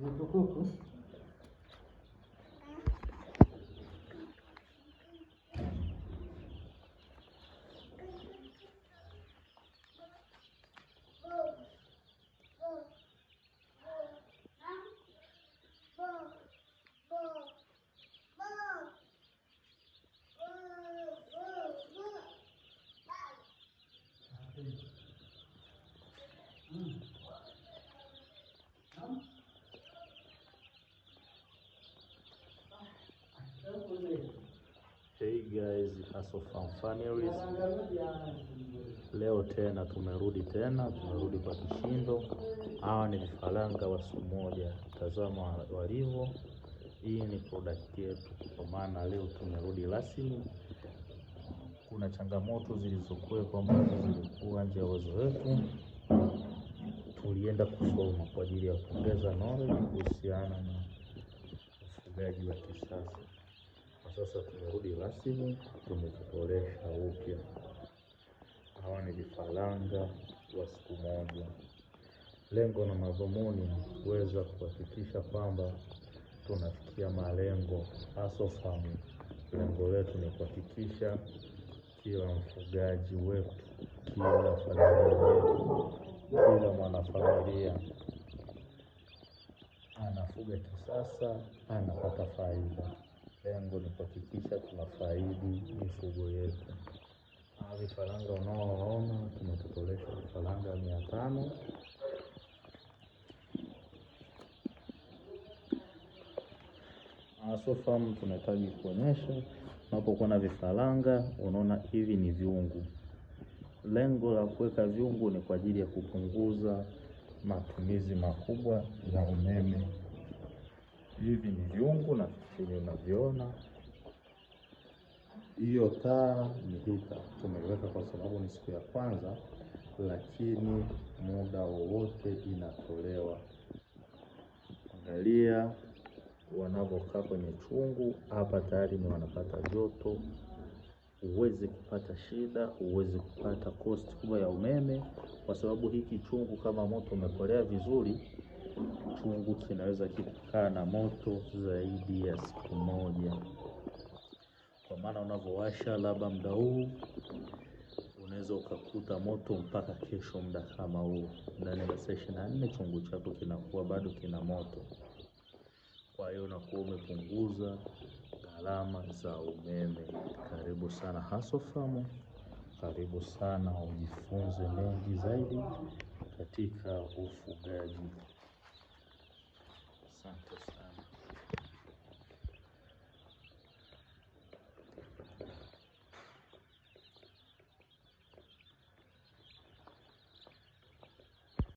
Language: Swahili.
Voltou o cocô. Mm. Hum. Hey guys, Hustle Families. Leo tena tumerudi tena, tumerudi kwa kishindo. Hawa ni vifaranga wa siku moja, tazama walivyo. Hii ni product yetu, kwa maana leo tumerudi rasmi. Kuna changamoto zilizokuwepo ambazo zilikuwa nje ya uwezo wetu, tulienda kusoma kwa ajili ya kuongeza knowledge kuhusiana na ufugaji wa kisasa. Kwa sasa tumerudi rasmi, tumezitolesha upya. Hawa ni vifaranga wa siku moja. Lengo na madhumuni ni kuweza kuhakikisha kwamba tunafikia malengo asofamu. Lengo letu ni kuhakikisha kila mfugaji wetu, kila familia yetu, kila mwanafamilia anafuga kisasa, anapata faida. Lengo ni kuhakikisha tunafaidi mifugo yetu. Hawa ah, vifaranga unaowaona tumetotolesha vifaranga mia tano asofamu ah, tunahitaji kuonyesha. Unapokuwa na vifaranga, unaona hivi ni vyungu. Lengo la kuweka vyungu ni kwa ajili ya kupunguza matumizi makubwa ya umeme hivi ni vyungu na vyenye unavyoona. Hiyo taa ni hita tumeiweka kwa sababu ni siku ya kwanza, lakini muda wowote inatolewa. Angalia wanavyokaa kwenye chungu hapa, tayari ni wanapata joto. Huwezi kupata shida, huwezi kupata kosti kubwa ya umeme, kwa sababu hiki chungu kama moto umekolea vizuri chungu kinaweza kikakaa na moto zaidi ya siku moja, kwa maana unavyowasha labda muda huu unaweza ukakuta moto mpaka kesho muda kama huu, ndani ya saa ishirini na nne chungu chako kinakuwa bado kina moto. Kwa hiyo unakuwa umepunguza gharama za umeme. Karibu sana Hasofam, karibu sana ujifunze mengi zaidi katika ufugaji. Santos